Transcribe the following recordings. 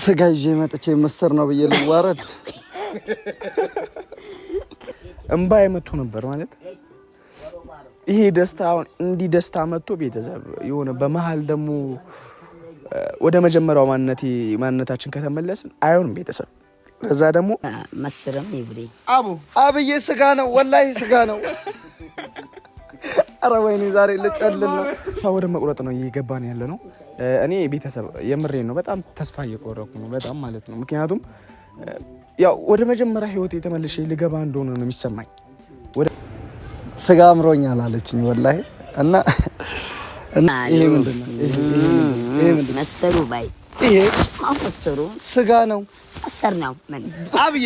ስጋ ይዤ መጥቼ ምስር ነው ብዬ ልዋረድ። እምባ የመቶ ነበር ማለት ይሄ ደስታ እንዲህ ደስታ መጥቶ ቤተሰብ የሆነ በመሀል ደግሞ ወደ መጀመሪያው ማንነቴ ማንነታችን ከተመለስን አይሆንም ቤተሰብ። ከዛ ደግሞ መስርም ይብሬ አቡ አብዬ ስጋ ነው ወላሂ ስጋ ነው። አረ ወይኔ ዛሬ ልጨልል ነው። ወደ መቁረጥ ነው እየገባን ያለ ነው። እኔ ቤተሰብ የምሬ ነው፣ በጣም ተስፋ እየቆረኩ ነው፣ በጣም ማለት ነው። ምክንያቱም ያው ወደ መጀመሪያ ህይወት የተመልሼ ልገባ እንደሆነ ነው የሚሰማኝ። ስጋ አምሮኛል አለችኝ ወላሂ እና መሰሩ ባይ መሰሩ ስጋ ነው መሰር ነው አብዬ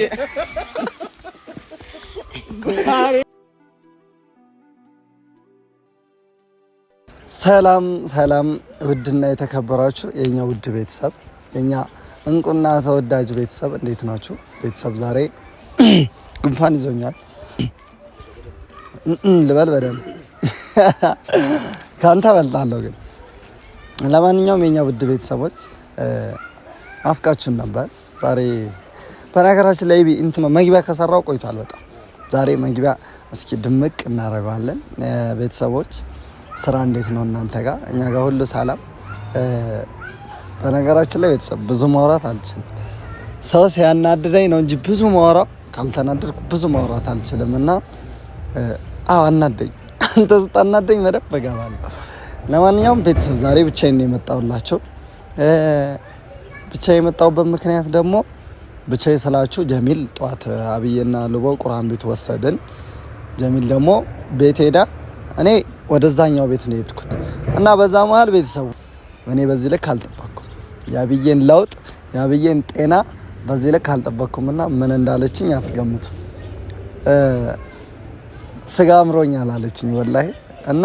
ሰላም ሰላም ውድና የተከበራችሁ የኛ ውድ ቤተሰብ የኛ እንቁና ተወዳጅ ቤተሰብ እንዴት ናችሁ? ቤተሰብ ዛሬ ጉንፋን ይዞኛል ልበል በደንብ ከአንተ በልጣለሁ ግን። ለማንኛውም የኛ ውድ ቤተሰቦች ናፍቃችሁን ነበር። ዛሬ በነገራችን ላይ መግቢያ ከሰራው ቆይቷል በጣም ዛሬ መግቢያ እስኪ ድምቅ እናደርገዋለን ቤተሰቦች ስራ እንዴት ነው እናንተ ጋር? እኛ ጋር ሁሉ ሰላም። በነገራችን ላይ ቤተሰብ ብዙ ማውራት አልችልም። ሰው ሲያናድደኝ ነው እንጂ ብዙ ማውራት ካልተናደድኩ ብዙ ማውራት አልችልም። እና አዎ አናደኝ፣ አንተ ስታናደኝ መደብ እገባለሁ። ለማንኛውም ቤተሰብ ዛሬ ብቻዬን ነው የመጣሁላቸው። ብቻ የመጣሁበት ምክንያት ደግሞ ብቻ ስላችሁ ጀሚል ጠዋት አብዬና ልቦ ቁርአን ቤት ወሰድን። ጀሚል ደግሞ ቤት ሄዳ እኔ ወደዛኛው ቤት ነው የሄድኩት እና በዛ መሀል ቤተሰቡ እኔ በዚህ ልክ አልጠበኩም የአብዬን ለውጥ የአብዬን ጤና በዚህ ልክ አልጠበኩም እና ምን እንዳለችኝ አትገምቱ ስጋ አምሮኛል አለችኝ ወላሂ እና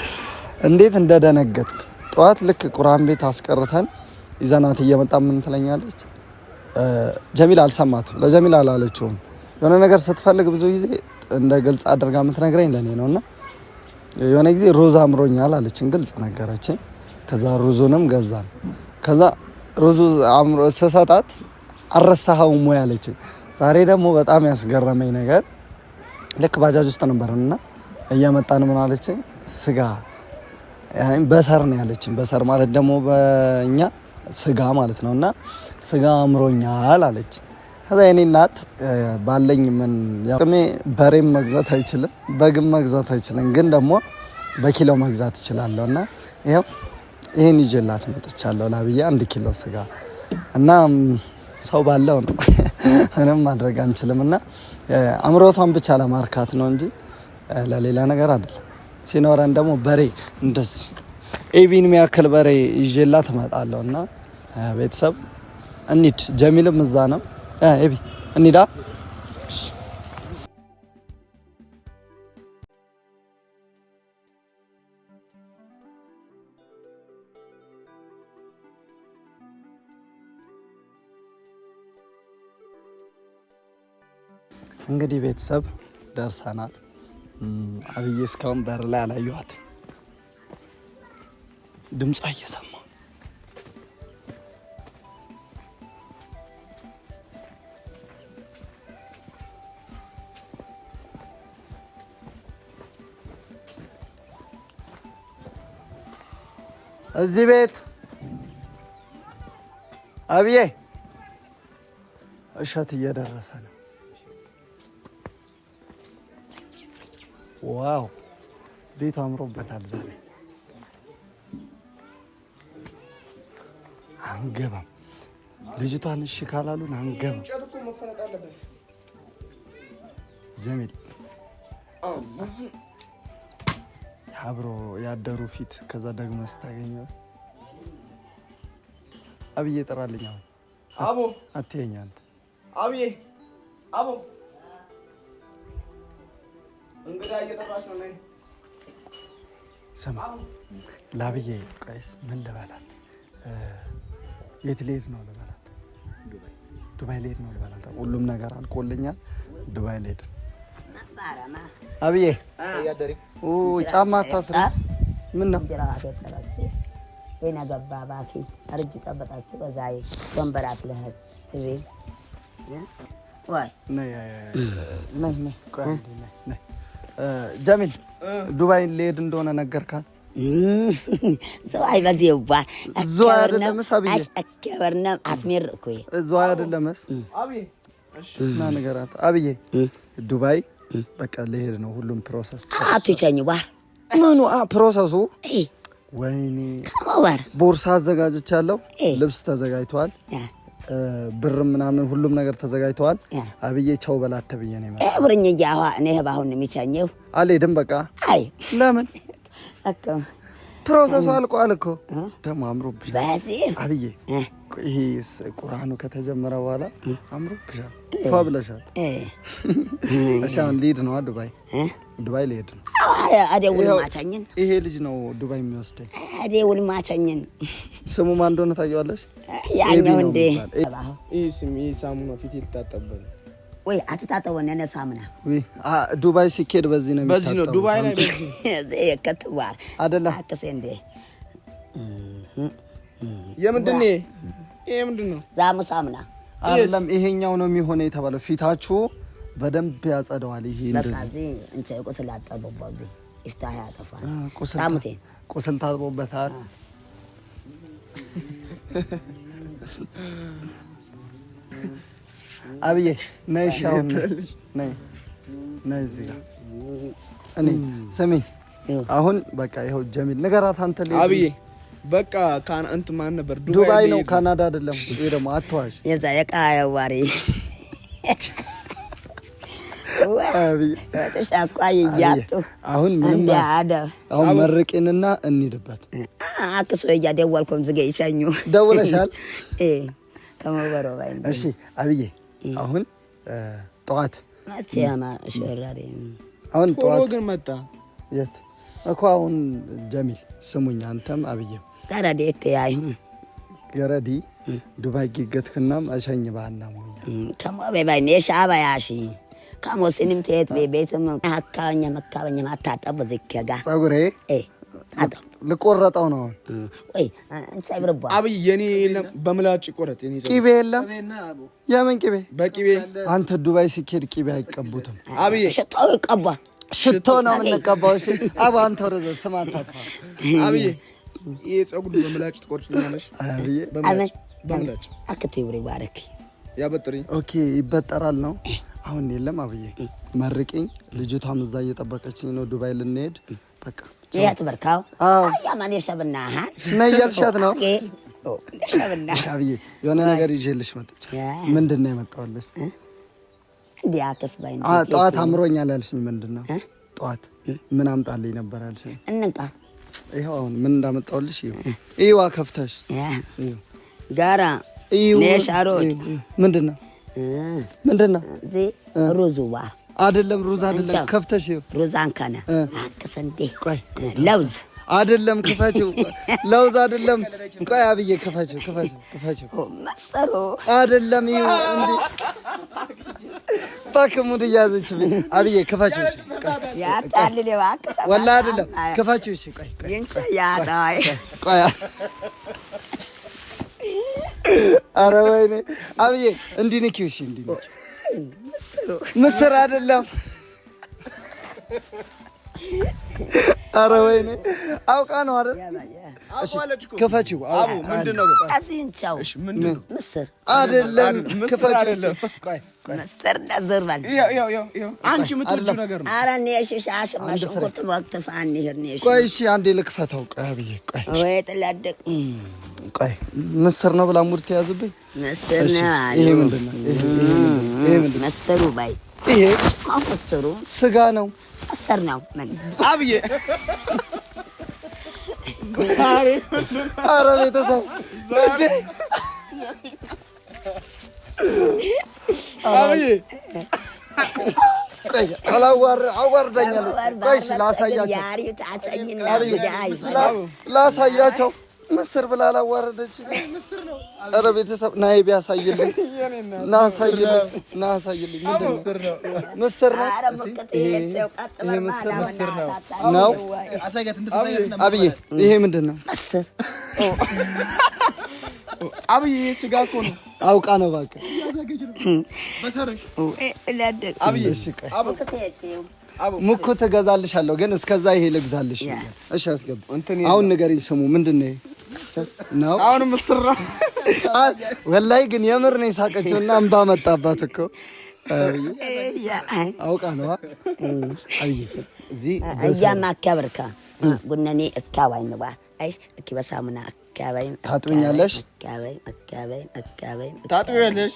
እንዴት እንደደነገጥኩ ጠዋት ልክ ቁርአን ቤት አስቀርተን ይዘናት እየመጣ ምን ትለኛለች ጀሚል አልሰማትም ለጀሚል አላለችውም የሆነ ነገር ስትፈልግ ብዙ ጊዜ እንደ ግልጽ አድርጋ የምትነግረኝ ለእኔ ነው እና የሆነ ጊዜ ሩዝ አምሮኛል አለችን፣ ግልጽ ነገረችኝ። ከዛ ሩዙንም ገዛን። ከዛ ሩዙ ስሰጣት አረሳኸውም ወይ አለችን። ዛሬ ደግሞ በጣም ያስገረመኝ ነገር ልክ ባጃጅ ውስጥ ነበርንና እያመጣን ምን አለችኝ፣ ስጋ በሰር ነው ያለችኝ። በሰር ማለት ደግሞ በእኛ ስጋ ማለት ነው እና ስጋ አምሮኛል አለች። ከዛ የኔ እናት ባለኝ ምን ቅሜ በሬም መግዛት አይችልም፣ በግም መግዛት አይችልም፣ ግን ደግሞ በኪሎ መግዛት እችላለሁ እና ይኸው ይህን ይዤላት መጥቻለሁ። ላብዬ አንድ ኪሎ ስጋ እና ሰው ባለው ነው ምንም ማድረግ አንችልም። እና አምሮቷን ብቻ ለማርካት ነው እንጂ ለሌላ ነገር አይደለም። ሲኖረን ደግሞ በሬ እንደዚህ ኤቢን የሚያክል በሬ ይዤላት እመጣለሁ እና ቤተሰብ እኒድ ጀሚልም እዛ ነው ኤቢ እንሂዳ። እንግዲህ ቤተሰብ ደርሰናል። አብዬ እስካሁን በር ላይ አላየኋት። ድምጿ እየሰማ እዚህ ቤት አብዬ እሸት እየደረሰ ነው። ዋው ቤቱ አምሮበታል። ዛሬ አንገባም። ልጅቷን እሺ ካላሉን አንገባም። ጀሚል አብሮ ያደሩ ፊት ከዛ ደግሞ ስታገኘት አብዬ ጠራልኝ። አቦ አትየኝ አንተ አብዬ አቦ እንግዳ እየጠራሽ ነው። ስማ ላብዬ። ቆይስ ምን ልበላት? የት ልሄድ ነው ልበላት? ዱባይ ልሄድ ነው ልበላት? ሁሉም ነገር አልቆልኛል። ዱባይ ልሄድ አብዬ ጫማ አታስረ ምን ነው ወይና ገባ ባኪ አርጅ ጠበጣችሁ በዛ ወንበር አትለህት እቤት ጀሚል ዱባይ ልሄድ እንደሆነ ነገርካት? ሰው አይበዚባል። እዚሁ አይደለምስ? አብዬ አስከበርነም አስሜር እኮ እዚሁ አይደለምስ? ና ንገራት አብዬ ዱባይ በቃ ልሄድ ነው። ሁሉም ፕሮሰስ አትቻኝ ባር ምኑ ፕሮሰሱ ወይኔ ባር ቦርሳ አዘጋጅቻለሁ። ልብስ ተዘጋጅተዋል። ብር ምናምን ሁሉም ነገር ተዘጋጅተዋል። አብዬ ቸው በላተ ብዬ ነው ማለት ብርኝ እያ እኔ ባሁን የሚቻኘው አልሄድም በቃ አይ ለምን ፕሮሰሱ አልቋል እኮ ደግሞ አምሮብሻል። አብዬ ይሄ ቁርአኑ ከተጀመረ በኋላ አምሮብሻል፣ ፏ ብለሻል። እሺ አሁን ልሄድ ነው ዱባይ፣ ዱባይ ልሄድ ነው። አደውል ማተኝን ይሄ ልጅ ነው ዱባይ የሚወስደኝ። አደውል ማተኝን ስሙ ማን እንደሆነ ታየዋለሽ። ያኛው እንዴ ይህ ስም ይህ ሳሙና ፊት ልታጠበል ወይ አትታጠበ ነነ ሳሙና ዱባይ ሲኬድ በዚህ ነው በዚህ ነው ዱባይ ላይ በዚህ ከትዋር አይደለም አክሴ እንዴ የምንድን ነው ይሄ ምንድን ነው ዛሙ ሳምና አይደለም ይሄኛው ነው የሚሆነ የተባለው ፊታችሁ በደንብ ያጸደዋል ይሄ እንደዚህ እንቻ ቁስል አጠበባው እዚህ ይፍታ ያጠፋል ቁስል ታሙቴ ቁስል ታጥቦበታል አብዬ ነይ ሻውን ነይ ነይ እዚህ ጋር እኔ ስሚ አሁን በቃ ይኸው ጀሚል ነገራት አንተ ላይ አብዬ በቃ ካን እንት ማን ነበር ዱባይ ነው ካናዳ አይደለም ወይ ደግሞ አትዋሽ የዛ የቃ ያዋሪ አሁን ምንም አሁን መርቄንና እንሂድበት አክሶ እያደወልኩም ዝገይ ይሰኙ ደውለሻል ከመበሮ እሺ አብዬ አሁን ጠዋት አሁን ጠዋት ግን መጣ የት እኮ አሁን ጀሚል ስሙኝ፣ አንተም አብዬም ገረዲ እትያይሁን ገረዲ ዱባይ ጊገትክናም አሸኝ ባህናሙ ከሞ ቤባይ ኔሻ ባያሺ ከሞ ስንም ትሄት ቤቤትም ሀካበኛ መካበኛ አታጠቡ ዝኬጋ ጸጉሬ አጠቡ ልቆረጠው ነው። አብይ የኔ የለም፣ በምላጭ ቆረጥ። ቂቤ የለም። የምን ቂቤ? በቂቤ አንተ ዱባይ ሲኬድ ቂቤ አይቀቡትም። አብይ ሽቶ ነው የምንቀባው። አብ አንተ ወረዘ ስም አንታፋ አብይ ይህ ጸጉር በምላጭ ትቆርጭልኛለሽ? በምላጭ አክቶ ይብሬ ባረክ ያበጥሪ ኦኬ፣ ይበጠራል ነው አሁን የለም። አብዬ መርቅኝ። ልጅቷም እዛ እየጠበቀችኝ ነው። ዱባይ ልንሄድ በቃ ጥያት ያማን የሸብና እያልሻት ነው። ሻብዬ የሆነ ነገር ይዤልሽ መጥቼ ምንድን ነው የመጣሁልሽ? ጠዋት አምሮኛል ያልሽኝ ምንድን ነው? ጠዋት ምን አምጣልኝ ነበር ያልሽኝ? እንንቃ ይኸው አሁን ምን እንዳመጣሁልሽ ይዋ ከፍተሽ ጋራ ሻሮት ምንድን ነው ምንድን ነው ሩዙ አይደለም ሩዝ አይደለም። ከፍተሽ ሩዛን አንከነ አቅሰንዴ ቆይ ለውዝ አይደለም ክፈችው። ለውዝ አይደለም። ቆይ አብዬ ክፈችው፣ ክፈችው፣ ክፈችው መሰሩ አይደለም። ይኸው እንዴ እባክህ ሙድ እያዘችብኝ። አብዬ ክፈችው። ያጣልል እባክህ ወላሂ አይደለም። ክፈችው። እሺ ቆይ ይንቺ ያዳይ ቆይ አረ ወይኔ አብዬ እንዲህ ንኪው። እሺ እንዲህ ንኪው ምስር አይደለም። አረ ወይኔ አውቃ ነው አይደል? ክፈችው። ምንድን ነው? አይደለም ክፈችው መስጠርና ዘርባል ምስር ነው ብላ ሙድ ተያዝብኝ። ምስሩ ባይ ይሄ ምስሩ ስጋ ነው። ምስር ነው አብዬ ኧረ ቤተሰብ አዋርዳኛለሁ። እሺ ላሳያቸው ምስር ብላ አላዋረደች። ኧረ ቤተሰብ ናይ ቢያሳይልኝ ናሳይልኝ ናሳይልኝ ምስር ነው ምስር ነው። አብዬ ይሄ ምንድን ነው? ምስር አብይ ስጋ እኮ ነው። አውቃ ነው እባክህ። ሙኮ ትገዛልሻለሁ፣ ግን እስከዛ ይሄ ልግዛልሽ። እሺ አስገባ። አሁን ንገሪኝ፣ ስሙ ምንድን ነው ነው? አሁን ምስራ ወላይ ግን የምር ነው የሳቀችውና እንባ መጣባት እኮ አውቃ ነው። አብይ እዚ እያና አካብርካ ጉነኔ እካባይ ነው ባ አይሽ እኪ በሳሙና ታጥብኛለሽ? ታጥቢያለሽ?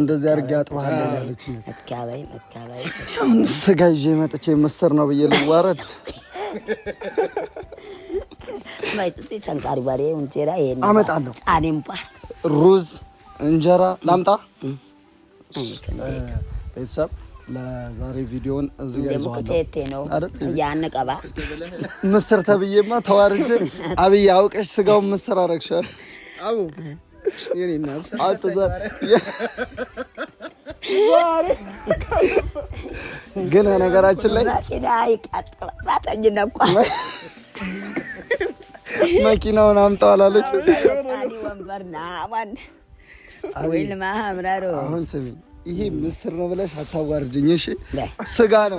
እንደዚህ አድርጌ አጥባለሁ ያለችኝ። ስጋ ይዤ መጥቼ ምስር ነው ብዬ ልዋረድ አመጣለሁ። ሩዝ እንጀራ ላምጣ ቤተሰብ ለዛሬ ቪዲዮን እዚህ ጋር ምስር ተብዬማ ተዋርጅ አብዬ አውቀሽ ስጋውን ምስር አረግሸ አቡ ግን ነገራችን ላይ መኪናውን አምጣዋል አለች። አሁን ስሚ ይሄ ምስር ነው ብለሽ አታዋርጅኝ። እሺ ስጋ ነው።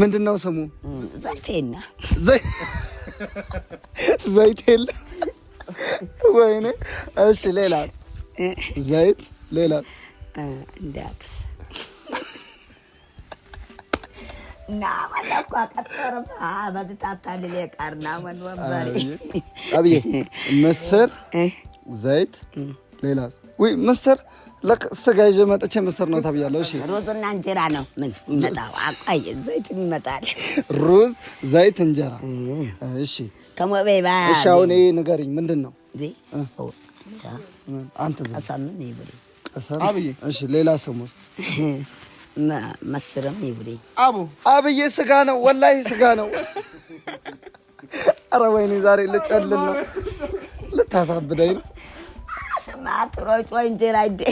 ምንድን ነው ስሙ? ዘይቴና ዘይቴል። ወይኔ። እሺ ሌላ ዘይት፣ ሌላ ና እንዳትስ ምስር ዘይት ሌላ ወይ ምስር ስጋ ይዤ መጥቼ ምስር ነው ተብያለሁ። እሺ ሩዝና እንጀራ ነው ምን ይመጣው? አቋይ ዘይት ይመጣል። ሩዝ፣ ዘይት፣ እንጀራ። እሺ ከሞበይ ባ እሺ። አሁን ይሄ ንገሪኝ ምንድን ነው? አንተ ቀሰምን ይብሪ ቀሰም። አብዬ እሺ፣ ሌላ ስሙስ መስርም ይብሪ አቡ። አብዬ ስጋ ነው ወላሂ ስጋ ነው። አረ ወይኔ ዛሬ ልጨልል ነው ልታሳብደኝ ነው። ማጥሮጮ እንጀራ ይደ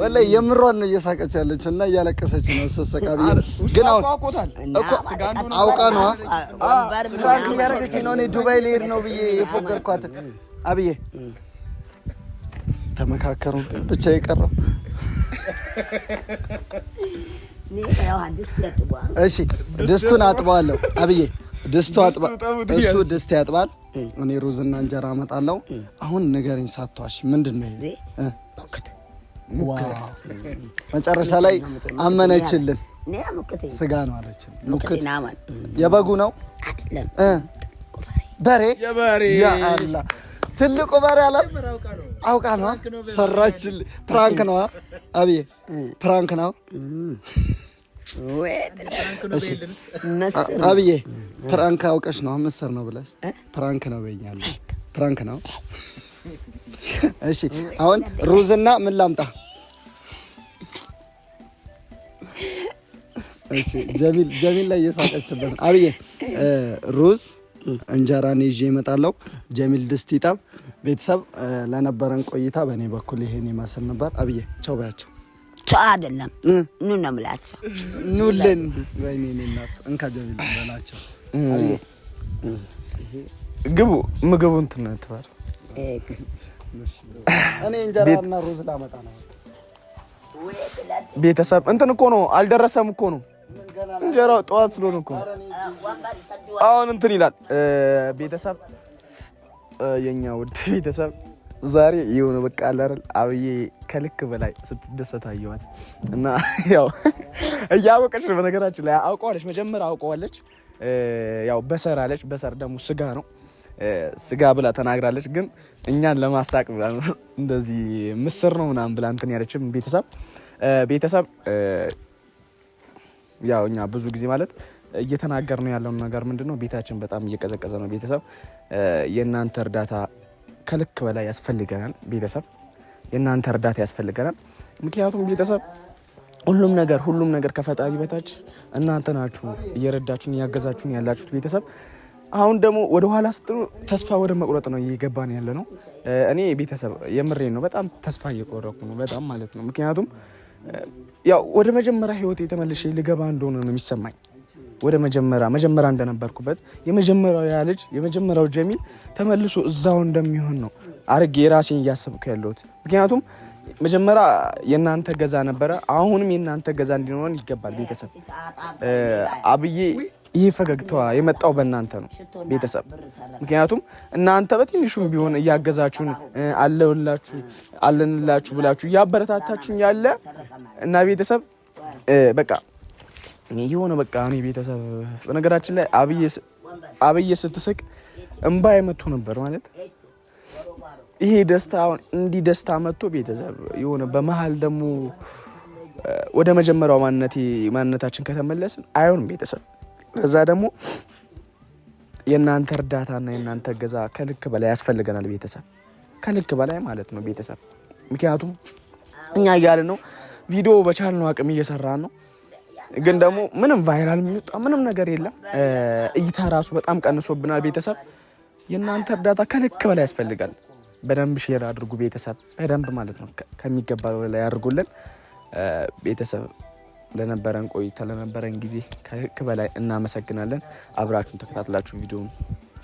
ወላሂ የምሯን ነው እየሳቀች ያለች እና እያለቀሰች ነው። ስሰቃ ግን አውቃ ነዋ ፍራንክ እያደረገች ነው። እኔ ዱባይ ልሄድ ነው ብዬ የፎገርኳት አብዬ ተመካከሩ ብቻ የቀረው እሺ፣ ድስቱን አጥበዋለሁ አብዬ ደስታው አጥባል እሱ ደስታ ያጥባል። እኔ ሩዝና እንጀራ አመጣለሁ። አሁን ንገረኝ ሳቷሽ ምንድን ነው? መጨረሻ ላይ አመነችልን። ስጋ ነው አለችን። ሙክት የበጉ ነው በሬ ያአላ ትልቁ በሬ አላ አውቃ ነው ሰራችል። ፕራንክ ነው አብዬ ፕራንክ ነው አብዬ ፕራንክ አውቀሽ ነው ምስር ነው ብለሽ ፕራንክ ነው በኛለ ፕራንክ ነው። እሺ አሁን ሩዝና ምን ላምጣ? እሺ ጀሚል ጀሚል ላይ እየሳቀችበት። አብዬ ሩዝ እንጀራን ይዤ እመጣለሁ። ጀሚል ድስት ይጠብ። ቤተሰብ ለነበረን ቆይታ በእኔ በኩል ይሄን ይመስል ነበር። አብዬ ቻው ባያቸው። ብቻ አይደለም ኑ ነው የምላቸው። ኑልን ግቡ። ምግቡ እንትን ነው የተባለው። እኔ እንጀራና ሩዝ ላመጣ ነው። ቤተሰብ እንትን እኮ ነው አልደረሰም እኮ ነው እንጀራው ጠዋት ስለሆነ እኮ አሁን እንትን ይላል። ቤተሰብ የኛ ውድ ቤተሰብ ዛሬ የሆነ በቃ አለ አይደል አብዬ ከልክ በላይ ስትደሰት እና ያው እያወቀች ነው። በነገራችን ላይ አውቀዋለች፣ መጀመሪያ አውቀዋለች። ያው በሰር አለች። በሰር ደግሞ ስጋ ነው ስጋ ብላ ተናግራለች። ግን እኛን ለማሳቅ ብላ እንደዚህ ምስር ነው ምናምን ብላ እንትን ያለችም ቤተሰብ ቤተሰብ ያው እኛ ብዙ ጊዜ ማለት እየተናገር ነው ያለውን ነገር ምንድን ነው ቤታችን በጣም እየቀዘቀዘ ነው። ቤተሰብ የእናንተ እርዳታ ከልክ በላይ ያስፈልገናል። ቤተሰብ የእናንተ እርዳታ ያስፈልገናል። ምክንያቱም ቤተሰብ ሁሉም ነገር ሁሉም ነገር ከፈጣሪ በታች እናንተ ናችሁ፣ እየረዳችሁን እያገዛችሁን ያላችሁት ቤተሰብ። አሁን ደግሞ ወደ ኋላ ስጥሩ ተስፋ ወደ መቁረጥ ነው እየገባን ያለ ነው። እኔ ቤተሰብ የምሬ ነው፣ በጣም ተስፋ እየቆረኩ ነው፣ በጣም ማለት ነው። ምክንያቱም ያው ወደ መጀመሪያ ህይወት የተመልሼ ልገባ እንደሆነ ነው የሚሰማኝ ወደ መጀመሪያ መጀመሪያ እንደነበርኩበት የመጀመሪያው ያ ልጅ የመጀመሪያው ጀሚል ተመልሶ እዛው እንደሚሆን ነው አርጌ የራሴን እያሰብኩ ያለሁት። ምክንያቱም መጀመሪያ የእናንተ ገዛ ነበረ። አሁንም የእናንተ ገዛ እንዲኖረን ይገባል። ቤተሰብ አብዬ ይሄ ፈገግታዋ የመጣው በእናንተ ነው ቤተሰብ። ምክንያቱም እናንተ በትንሹም ቢሆን እያገዛችሁን አለሁላችሁ አለንላችሁ ብላችሁ እያበረታታችሁን ያለ እና ቤተሰብ በቃ የሆነ በቃ እኔ ቤተሰብ በነገራችን ላይ አብዬ ስትስቅ እንባ መቶ ነበር ማለት ይሄ ደስታ አሁን እንዲህ ደስታ መጥቶ ቤተሰብ የሆነ በመሀል ደግሞ ወደ መጀመሪያው ማንነት ማንነታችን ከተመለስን አይሆንም ቤተሰብ። ከዛ ደግሞ የእናንተ እርዳታና የእናንተ እገዛ ከልክ በላይ ያስፈልገናል ቤተሰብ፣ ከልክ በላይ ማለት ነው ቤተሰብ። ምክንያቱም እኛ እያልን ነው ቪዲዮ በቻልነው አቅም እየሰራን ነው ግን ደግሞ ምንም ቫይራል የሚወጣ ምንም ነገር የለም። እይታ ራሱ በጣም ቀንሶብናል። ቤተሰብ የእናንተ እርዳታ ከልክ በላይ ያስፈልጋል። በደንብ ሼር አድርጉ ቤተሰብ፣ በደንብ ማለት ነው ከሚገባ በላይ አድርጉልን ቤተሰብ። ለነበረን ቆይታ ለነበረን ጊዜ ከልክ በላይ እናመሰግናለን። አብራችሁን ተከታትላችሁ ቪዲዮን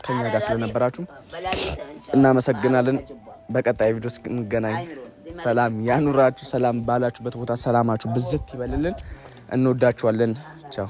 ከኛ ጋር ስለነበራችሁ እናመሰግናለን። በቀጣይ ቪዲዮ እስክንገናኝ ሰላም ያኑራችሁ። ሰላም ባላችሁበት ቦታ ሰላማችሁ ብዝት ይበልልን። እንወዳችኋለን። ቻው